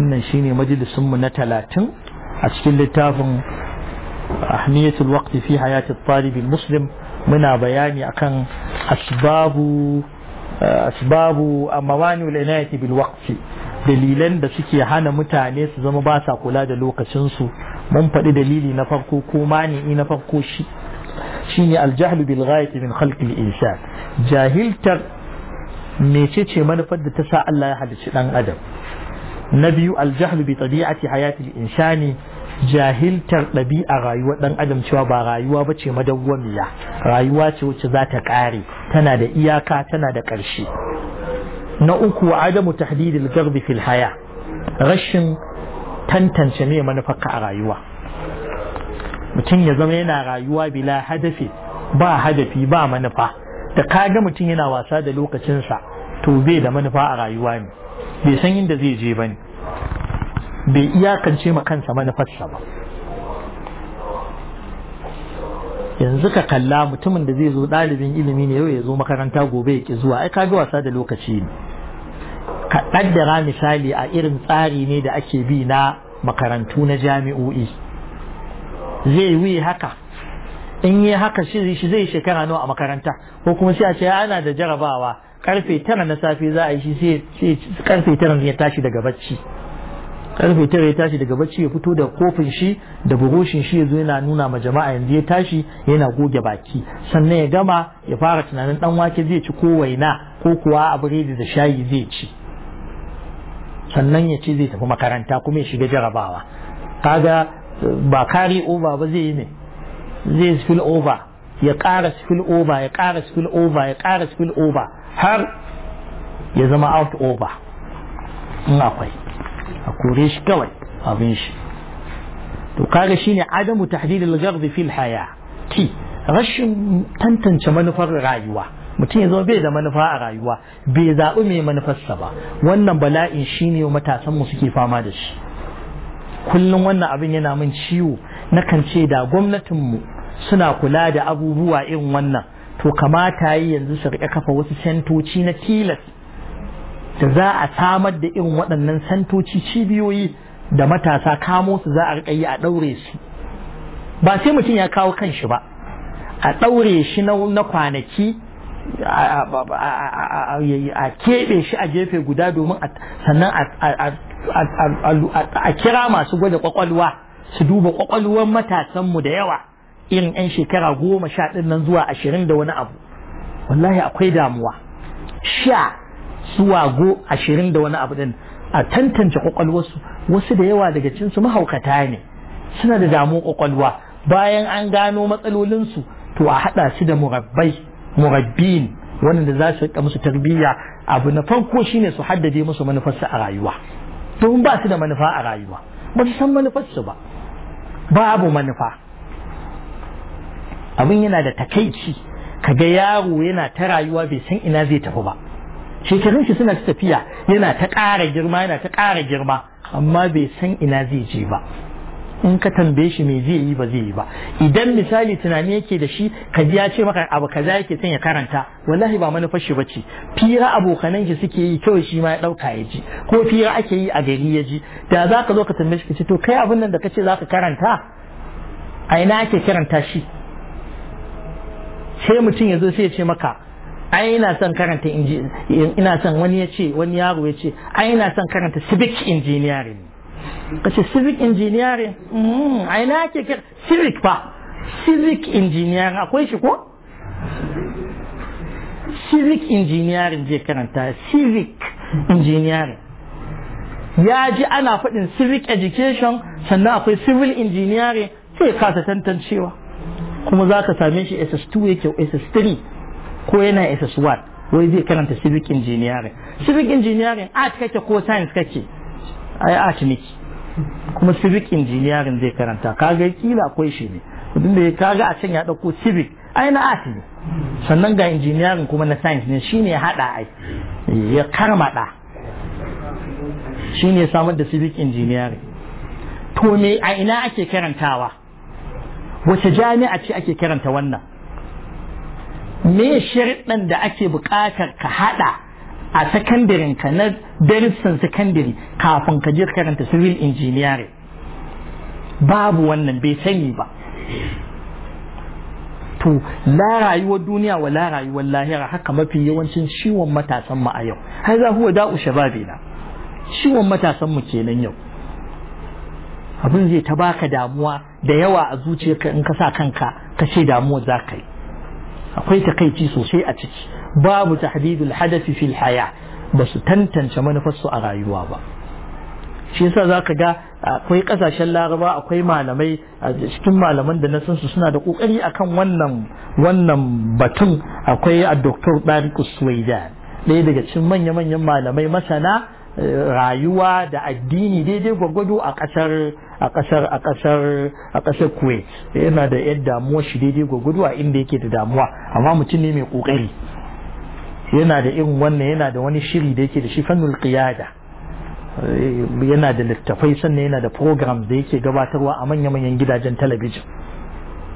wannan shine ne mu na talatin a cikin littafin ahmiyatul waqti fi hayati talibin muslim muna bayani akan asbabu eh, asbabu amawani wal inayati bil waqti dalilan da suke hana mutane su zama ba sa kula da lokacinsu mun faɗi dalili na farko ko mani na farko shi shine aljahlu bil ghayati min khalqi al insan jahiltar mecece manufar da ta sa Allah ya halicci dan adam na biyu aljahlu bi tabi'ati hayati insani jahiltar ɗabi'a rayuwar ɗan adam cewa ba rayuwa ba ce madawwamiya rayuwa ce wacce za ta ƙare tana da iyaka tana da ƙarshe na uku wa adamu tahdidil garbi fil haya rashin tantance me manufarka a rayuwa mutum ya zama yana rayuwa bila hadafi ba hadafi ba manufa da kaga mutum yana wasa da lokacinsa to bai da manufa a rayuwa ne bai san inda zai je ba ne bai iyakance ma kansa manufarsa ba yanzu ka kalla mutumin da zai zo ɗalibin ilimi ne yau ya zo makaranta gobe ya ki zuwa ai bi wasa da lokaci ne ka ɗaddara misali a irin tsari ne da ake bi na makarantu na jami'o'i zai yi haka in yi haka shi zai shekara nawa a makaranta ko kuma sai a ce ana da jarabawa karfe tara na safe za a yi shi sai karfe tara ya tashi daga bacci karfe tara ya tashi daga bacci ya fito da kofin shi da burushin shi ya zo yana nuna ma jama'a yanzu ya tashi yana goge baki sannan ya gama ya fara tunanin dan wake zai ci ko waina ko kuwa a biredi da shayi zai ci sannan ya ce zai tafi makaranta kuma ya shiga jarabawa kaga ba kari over ba zai yi ne zai spill over ya ƙara spill over ya ƙara spill over ya ƙara spill over har ya zama out over in akwai a kore shi kawai abin shi to kaga shine adamu tahdidil ghardi fil haya ki rashin tantance manufar rayuwa mutum ya zama bai da manufa a rayuwa bai zaɓi mai manufarsa ba wannan bala'in shine matasan mu suke fama da shi kullum wannan abin yana min ciwo nakan ce da gwamnatinmu suna kula da abubuwa irin wannan to kamata yi yanzu su riƙa kafa wasu santoci na tilas da za a samar da irin waɗannan santoci cibiyoyi da matasa kamo su za a riƙa yi a ɗaure su ba sai mutum ya kawo kan shi ba a ɗaure shi na kwanaki a keɓe shi a gefe guda domin sannan a kira masu gwada kwakwalwa su duba kwakwalwar matasanmu da yawa irin 'yan shekara goma sha ɗin nan zuwa ashirin da wani abu wallahi akwai damuwa sha zuwa go ashirin da wani abu ɗin a tantance ƙwaƙwalwarsu wasu da yawa daga cinsu mahaukata ne suna da damu kwakwalwa bayan an gano matsalolinsu to a haɗa su da murabbai murabbin waɗanda za su riƙa musu tarbiyya abu na farko shine su haddade musu manufarsu a rayuwa domin ba su da manufa a rayuwa ba su san manufarsu ba babu manufa abin yana da takaici Ka ga yaro yana ta rayuwa bai san ina zai tafi ba shekarun shi suna tafiya yana ta ƙara girma yana ta ƙara girma amma bai san ina zai je ba in ka tambaye shi me zai yi ba zai yi ba idan misali tunani yake da shi ka ji ya ce maka abu kaza yake son ya karanta wallahi ba manufar shi bace fira abokanan shi suke yi kawai shi ma ya ɗauka ya ji ko fira ake yi a gari ya ji da za ka zo ka tambaye shi ka ce to kai abin nan da ka ce za ka karanta a ina ake karanta shi sai mutum ya zo sai ya ce maka ai ina son karanta ina son wani ya ce wani yaro ya ce ai ina son karanta civic engineering kace civic engineering hmm, ai na ke kira civic fa civic engineering akwai shi ko civic engineering je karanta civic engineering ya ji ana faɗin civic education sannan akwai civil engineering sai kasa tantancewa kuma za ka same shi ss2 yake ss3 ko yana ss1 wai zai karanta civic engineering civic engineering art kake ko science kake ai art niki kuma civic engineering zai karanta kaga kila akwai shi ne kudin da kaga a can ya dauko civic ai na art ne sannan ga engineering kuma na science ne shine ya hada ai ya karmada shine ya samar da civic engineering to me a ina ake karantawa wace jami'a ce ake kiranta wannan me shirɗin da ake buƙatar ka haɗa a sakandirin ka na darussan sakandiri kafin ka je karanta civil engineering babu wannan bai sani ba to la rayuwar duniya wa la rayuwar lahira haka mafi yawancin ciwon matasan mu a yau har za huwa da'u shababina ciwon matasan mu kenan yau abin zai ta baka damuwa da yawa a zuciyarka in ka sa kanka ka ce damuwa za ka yi akwai takaici sosai a ciki babu tahdidul hadafi fil haya ba su tantance manufarsu a rayuwa ba shi yasa za ka ga akwai kasashen laraba akwai malamai a cikin malaman da na san su suna da kokari akan wannan wannan batun akwai a doktor Tariq Suwaidan ɗaya daga cikin manya-manyan malamai masana eh, rayuwa da addini daidai gwagwado a ƙasar a kasar a kasar a kasar kuwait yana da yadda damuwa shi daidai gwagwado a inda yake da damuwa amma mutum ne mai kokari yana da irin wannan yana da wani shiri da yake da shi fannul qiyada yana da littafai sannan yana da program da yake gabatarwa a manya-manyan gidajen talabijin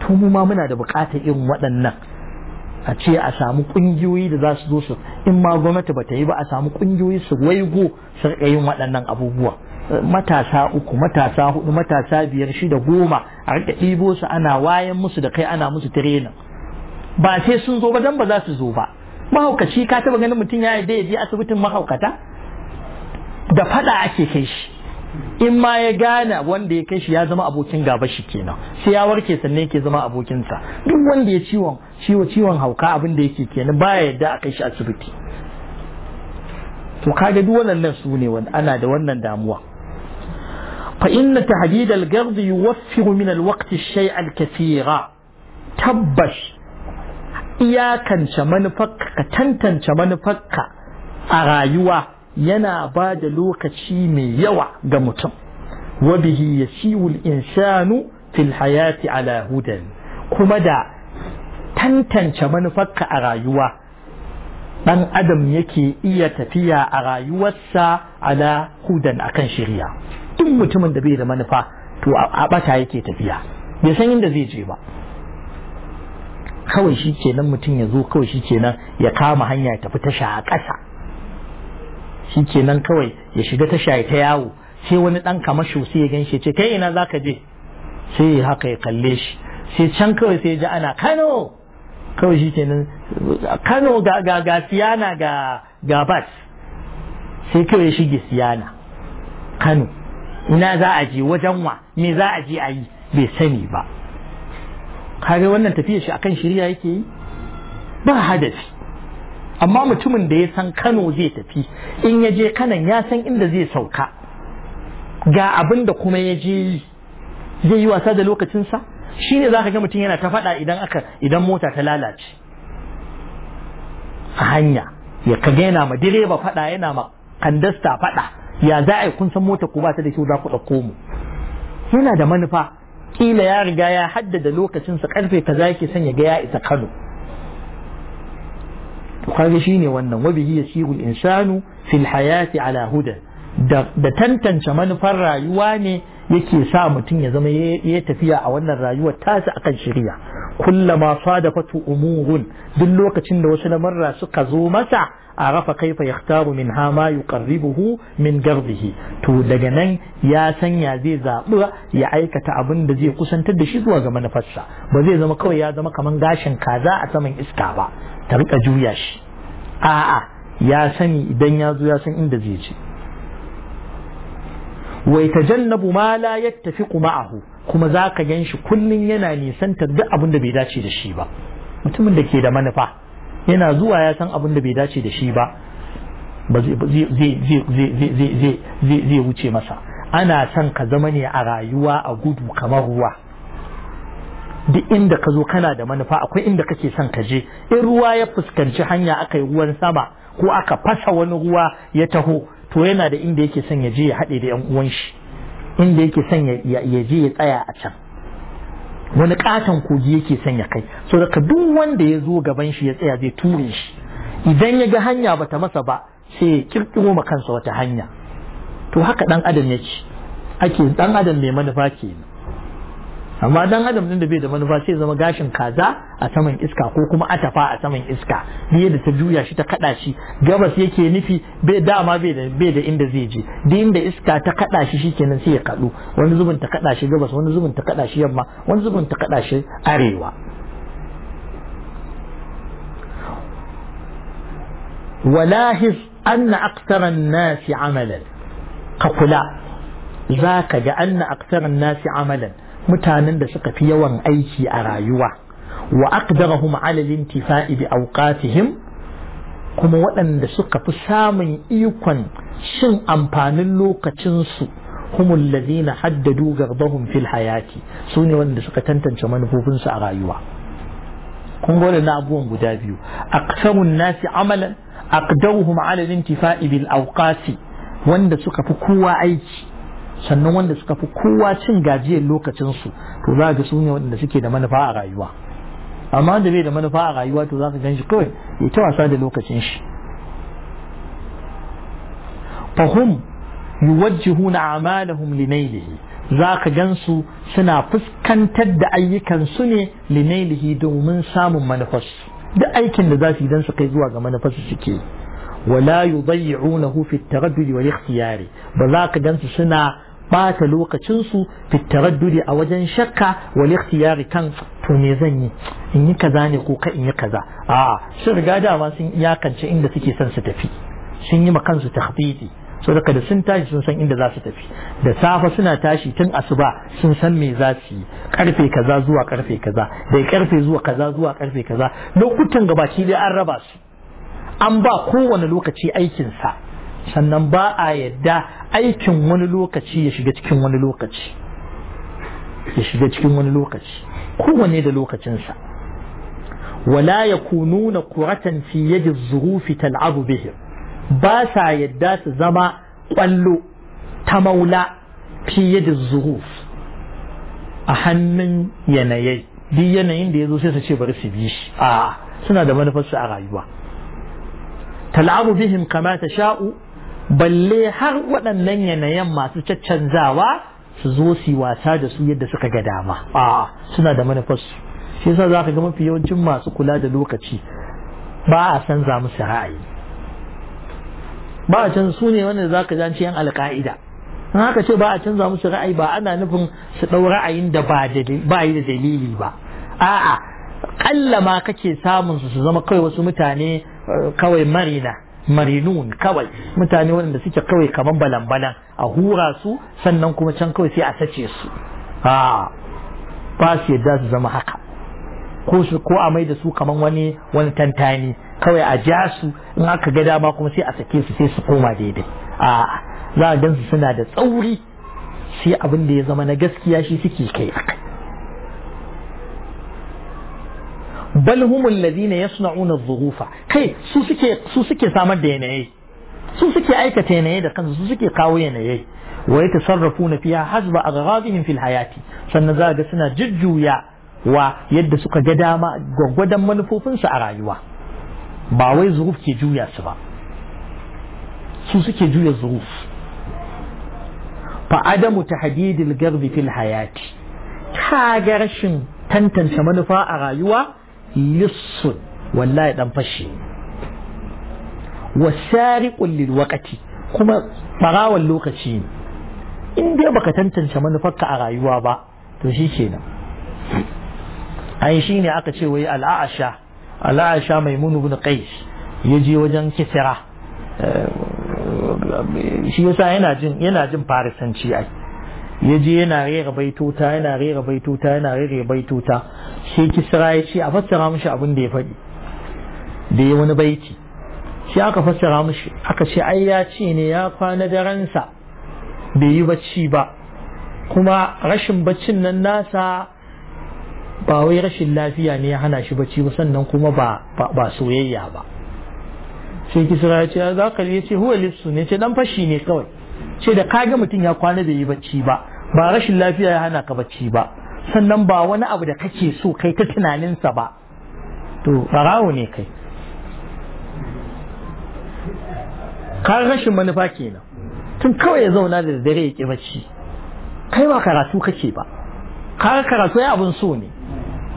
to mu ma muna da bukatar irin waɗannan a ce a samu ƙungiyoyi da za su zo su in ma gwamnati ba ta yi ba a samu ƙungiyoyi su waigo su waɗannan abubuwa matasa uku matasa hudu matasa biyar shida goma a rika ɗibo su ana wayan musu da kai ana musu tirenin ba sai sun zo ba dan ba za su zo ba mahaukaci ka taba ganin mutum ya yi daidai asibitin mahaukata da fada ake kai shi in ma ya gane wanda ya kai shi ya zama abokin gaba shi kenan sai ya warke sannan yake zama abokinsa duk wanda ya ciwon ciwo ciwon hauka abin da yake kenan baya yarda a kai shi asibiti to kaga duk wannan su ne ana da wannan damuwa فإن تعديد القرض يوفر من الوقت الشيء الكثير تبش يا كان شمان فك كان شمان فك أغايوة ينا بعد لوك من يوع دمتم وبه يسيو الإنسان في الحياة على هدى كمدا كان شمان فك أغايوة من أدم يكي إيا تفيا أغايوة على هدى أكن شغيا duk mutumin da bai da manufa to a bata yake tafiya bai san inda zai je ba kawai shi kenan mutum ya zo kawai shi kenan ya kama hanya ya tafi tasha a ƙasa shi kenan kawai ya shiga tasha ya ta yawo sai wani ɗan kamar sai ya ganshi ce kai ina zaka je sai ya haka ya kalle shi sai can kawai sai ya ji ana kano kawai shi kenan kano ga ga ga siyana ga ga bas sai kawai ya shige siyana kano ina za a je wajen wa me za a je a yi bai sani ba kare wannan tafiyar shi akan shirya yake yi ba hadafi amma mutumin da ya san Kano zai tafi in ya je kanan ya san inda zai sauka ga abin da kuma ya je yi zai yi wasa da lokacinsa shi ne za ka ga mutum yana ta faɗa idan aka idan mota ta lalace a hanya ya kaga yana ma direba faɗa yana ma kandasta faɗa ya za a kun san mota ku ba ta da kyau za ku ɗauko mu yana da manufa kila ya riga ya haddada lokacinsa karfe kaza yake son ya ga ya isa Kano kaga shine wannan wabihi yasirul insanu fil hayati ala huda da tantance manufar rayuwa ne yake sa mutum ya zama ya tafiya a wannan rayuwar tasa akan shirya kullama sadafatu umurun duk lokacin da wasu lamarra suka zo masa a rafa kaifa yahtaru min hama ma yuqarribuhu min garbihi to daga nan ya sanya zai zabi ya aikata abin da zai kusantar da shi zuwa ga manufarsa ba zai zama kawai ya zama kaman gashin kaza a saman iska ba ta rika juya shi a'a ya sani idan ya zo ya san inda zai je wa yatajannabu ma la yattafiqu ma'ahu kuma za ka gan shi kullum yana nisantar duk abin da bai dace da shi ba mutumin da ke da manufa yana zuwa ya san abin da bai dace da shi ba zai wuce masa ana son ka zama ne a rayuwa a gudu kamar ruwa duk inda ka zo kana da manufa akwai inda kake son ka je in ruwa ya fuskanci hanya aka yi ruwan sama ko aka fasa wani ruwa ya taho to yana da inda yake son ya je ya haɗe da 'yan uwan shi inda yake son ya je ya tsaya a can wani katon kogi yake son ya kai so daga duk wanda ya zo gaban shi ya tsaya zai ture shi idan ya ga hanya bata masa ba sai ya kirkiro ma kansa wata hanya to haka dan adam yake ake dan adam mai manufa ke ne. amma dan adam din da bai da manufa sai zama gashin kaza a saman iska ko kuma atafa a saman iska ne da ta juya shi ta kada shi gabas yake nufi bai dama bai da bai da inda zai je duk inda iska ta kada shi shikenan sai ya kadu wani zubin ta kada shi gabas wani zubin ta kada shi yamma wani zubin ta kada shi arewa ولاحظ أن أكثر الناس عملا كقلا ذاك جعلنا أكثر الناس amalan. mutanen da suka fi yawan aiki a rayuwa wa aqdarahum ala al-intifa'i bi awqatihim kuma waɗanda suka fi samun ikon shin amfanin lokacin su humul ladina haddadu gardahum fil hayati sune wanda suka tantance manufofin su a rayuwa kun gode na abubuwan guda biyu aksarun nasi amalan aqdaruhum ala al-intifa'i bil awqati wanda suka fi kowa aiki sannan wanda suka fi kowa cin gajiyar lokacinsu to za ga su ne waɗanda suke da manufa a rayuwa amma wanda bai da manufa a rayuwa to za ka gan shi kawai ya ta wasa da lokacin shi fahim yuwajjihuna amalahum linailihi za ka gansu suna fuskantar da ayyukansu ne linailihi domin samun manufarsu duk aikin da za su yi don su kai zuwa ga manufarsu suke wala yudayyi'unahu fi at-taraddud wal ikhtiyari ba za ka gansu suna bata lokacinsu fitaradduri a wajen shakka wal ikhtiyari kan to me zan yi in yi kaza ne ko kai in yi kaza a sun riga dama sun iyakance inda suke son su tafi sun yi ma kansu tahbiti so da sun tashi sun san inda za su tafi da safe suna tashi tun asuba sun san me za su yi karfe kaza zuwa karfe kaza da karfe zuwa kaza zuwa karfe kaza lokutan gabaki dai an raba su an ba kowane lokaci aikinsa sannan ba a yadda aikin wani lokaci ya shiga cikin wani lokaci ya shiga cikin wani lokaci kowanne da lokacinsa wala ya kununa kuratan fi yadi zurufi tal'abu bihim ba sa yadda su zama kwallo ta maula fi yadi zuruf a hannun yanayi duk yanayin da ya zo sai su ce bari su bi shi a suna da manufarsu a rayuwa tal'abu bihim kama ta sha'u balle har waɗannan yanayin masu caccanzawa su zo su wasa da su yadda suka ga dama a suna da manufarsu shi yasa za ka ga mafi yawancin masu kula da lokaci ba a san za musu ra'ayi ba a can su ne wanda za ka janci yan alka'ida in haka ce ba a canza musu ra'ayi ba ana nufin su ɗau ra'ayin da ba yi da dalili ba a'a ƙalla ma kake samun su su zama kawai wasu mutane eh, kawai marina marinun kawai mutane waɗanda suke kawai kamar balan-balan a hura su sannan kuma can kawai sai a sace su a ba su yadda su zama haka ko su ko a mai da su kamar wani wani tantani kawai a ja su in aka ga dama kuma sai a sake su sai su koma daidai a za a gansu suna da tsauri sai abin da ya zama na gaskiya shi suke kai akai bal hum alladhina yasna'una adh-dhurufa kai su suke su suke samar da yanayi su suke aikata yanayi da kansu su suke kawo yanayi wa yatasarrafuna fiha hasba aghrabihim fil hayati sannan za ga suna jujjuya wa yadda suka ga dama gwaggwadon manufofinsu a rayuwa ba wai zuruf ke juya su ba su suke juya zuruf fa adamu tahdidil garbi fil hayati kaga rashin tantance manufa a rayuwa lissun wallahi dan fashe wasariqul lil wakati. kuma barawan lokaci ne in dai baka tantance manufarka a rayuwa ba to shi kenan ai shi ne aka ce wai al'asha al'asha maimunu ibn qais ya je wajen kisra eh, shi yasa yana jin yana jin farisanci ai ya je yana rera baituta yana rera baituta yana rera baituta shi kisra ya ce a fassara mushi abin da ya faɗi da ya wani baiti shi aka fassara mushi aka ce ai ya ce ne ya kwana daransa bai yi bacci ba kuma rashin baccin nan nasa ba wai rashin lafiya ne ya hana shi bacci ba sannan kuma ba soyayya ba sai kisra ya ce za ka ce huwa lissu ne ce dan fashi ne kawai ce da kaga mutum ya kwana bai yi bacci ba ba rashin lafiya ya hana ka bacci ba sannan ba wani abu da kake so kai ta tunaninsa ba to barawo ne kai ka rashin manufa kenan tun kawai ya zauna da dare ya ki bacci kai ba karatu kake ba ka karatu ya abin so ne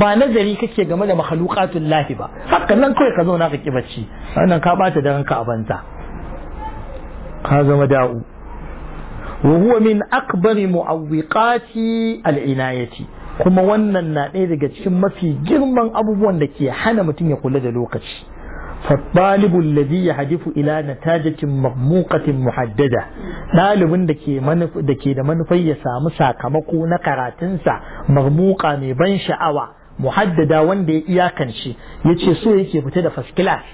ba nazari kake game da makhluqatul lahi ba hakan nan kawai ka zauna ka ki bacci wannan ka bata daren ka a banza ka zama da'u وهو من أكبر معوقات العناية kuma wannan na ɗaya daga cikin mafi girman abubuwan da ke hana mutum ya kula da lokaci faɗalibun ladhi ya hadifu ila natajatin mamuqatin muhaddada ɗalibin da ke da ke da manufai ya samu sakamako na karatunsa marmuka mai ban sha'awa muhaddada wanda ya iyakance ya ce so yake fita da first class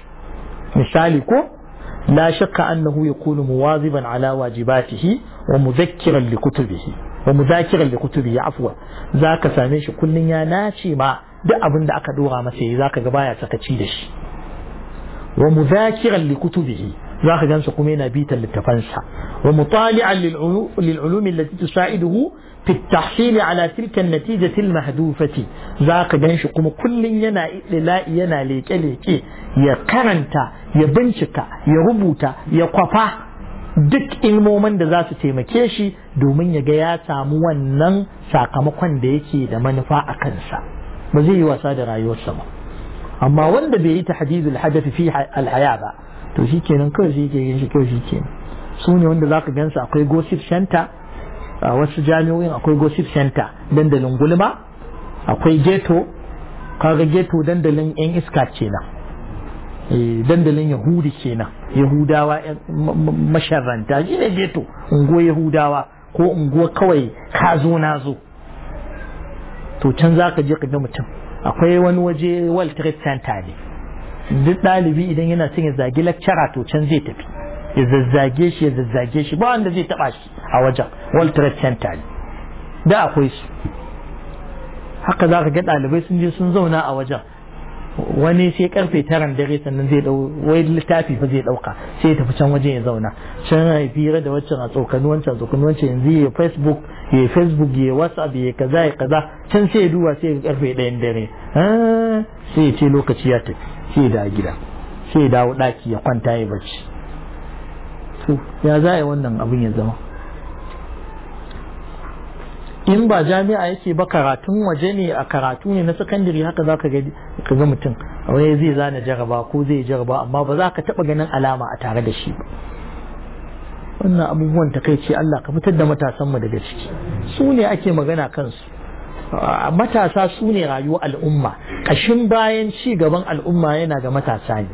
misali ko la shakka annahu yakunu muwaziban ala wajibatihi ومذكرا لكتبه ومذاكرا لكتبه عفوا ذاك ساميش كل يا ناشي ما دي أبن دعك دوغا مسيح ذاك غبايا تكتشيدش ومذاكرا لكتبه ذاك جانس قمينا بيتا للتفنسة ومطالعا للعلوم التي تساعده في التحصيل على تلك النتيجة المهدوفة ذاك جانس قم كل ينا للا ينا ليك ليك يقرنتا يبنشكا يربوتا يقفاه duk ilmomin da za su taimake shi domin ya ga ya samu wannan sakamakon da yake da manufa a kansa ba zai yi wasa da rayuwarsa ba amma wanda bai yi ta hadizul hadafi fi alhaya ba to shi kenan kawai shi ke shi kawai shi ke su ne wanda za ka gansa akwai gossip center a wasu jami'o'in akwai gossip center dandalin gulma akwai ghetto kaga ghetto dandalin yan iska kenan Eh, dandalin yahudi kenan yahudawa eh, masharanta shi ne geto unguwa yahudawa ko unguwa kawai ka zo na zo to can za ka je ka ga mutum akwai wani waje world trade center ne duk ɗalibi idan yana son ya zagi lakcara to can zai tafi ya zazzage shi ya zazzage shi ba wanda zai taba shi a wajen world trade center ne da akwai su haka za ka ga ɗalibai sun je sun zauna a wajen wani sai karfe taran dare sannan zai dau wai littafi fa zai dauka sai ya tafi can waje ya zauna can ya fira da waccan a tsokani wancan tsokani wancan yanzu ya facebook ya facebook ya whatsapp ya kaza ya kaza can sai ya duba sai ya karfe ɗayan dare ah, sai ya ce lokaci ya tafi sai ya dawo gida sai ya dawo ɗaki ya kwanta ya bacci ya za a yi wannan abin ya zama in ba jami'a yake ba karatun waje ne a karatu ne na sakandare haka za ka ga mutum wani zai zana jaraba ko zai jaraba amma ba za ka taɓa ganin alama a tare da shi ba wannan abubuwan ta kai ce Allah ka fitar da matasanmu daga ciki su ne ake magana kansu matasa su ne rayuwar al'umma ƙashin bayan ci gaban al'umma yana ga matasa ne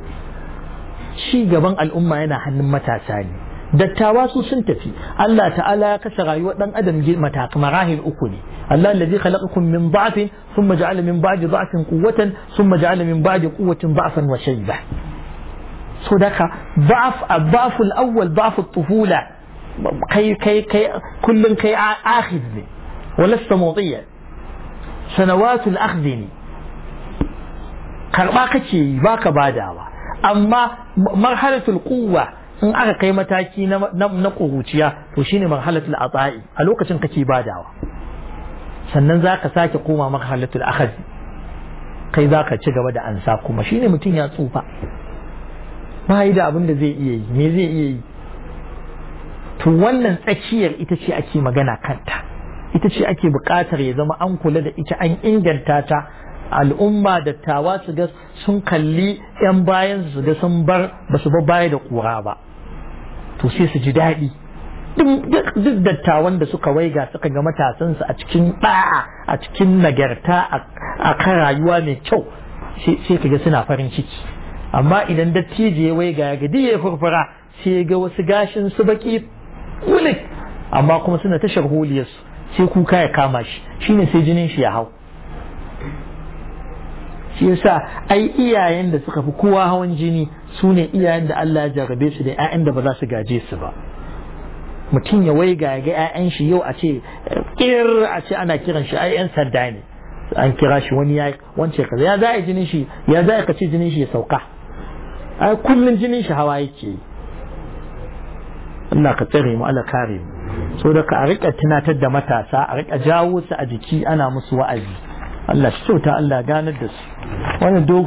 ci gaban al'umma yana hannun matasa ne dattawa su sun tafi Allah ta'ala ya kashe rayuwar dan adam matakan marahil uku ne Allah allazi khalaqakum min da'fin thumma ja'ala min ba'di da'fin quwwatan thumma ja'ala min ba'di quwwatin da'fan wa shayba so daka da'f ad-da'f al-awwal da'f at-tufula kai kai kai kullun kai akhidh ne walasta mutiya sanawatul akhdhi karba kace baka badawa amma marhalatul quwwa in aka kai mataki na ƙuruciya to shine marhalatul atsa'i a lokacin kake badawa sannan za ka sake koma marhalatul akhadhi kai za ka ci gaba da ansa kuma shine mutum ya tsufa ba yi da abin da zai iya yi me zai iya yi to wannan tsakiyar ita ce ake magana kanta ita ce ake buƙatar ya zama an kula da ita an inganta ta al'umma dattawa su ga sun kalli 'yan bayan su ga sun bar ba su bar baya da ƙura ba to sai su ji daɗi duk dattawan da suka waiga suka ga matasansu a cikin ɗa'a a cikin nagarta a kan rayuwa mai kyau sai ka ga suna farin ciki amma idan dattijo ya waiga ya gadi ya furfura sai ya ga wasu gashin su baki wulik amma kuma suna ta sharholiyarsu sai kuka ya kama shi shine sai jinin shi ya hau shi yasa ai iyayen da suka fi kowa hawan jini su ne iyayen da Allah ya jarrabe su da 'ya'yan da ba za su gaje su ba mutum ya wai ga 'ya'yan shi yau a ce kir a ce ana kiran shi ai 'yan sanda ne an kira shi wani ya wance kaza ya za a jinin shi ya za a kace jinin shi ya sauka ai kullun jinin shi hawa yake Allah ka tsare mu Allah kare mu so da ka rika tunatar da matasa a rika jawo su a jiki ana musu wa'azi Allah shi kyauta Allah ganar da su wannan dogo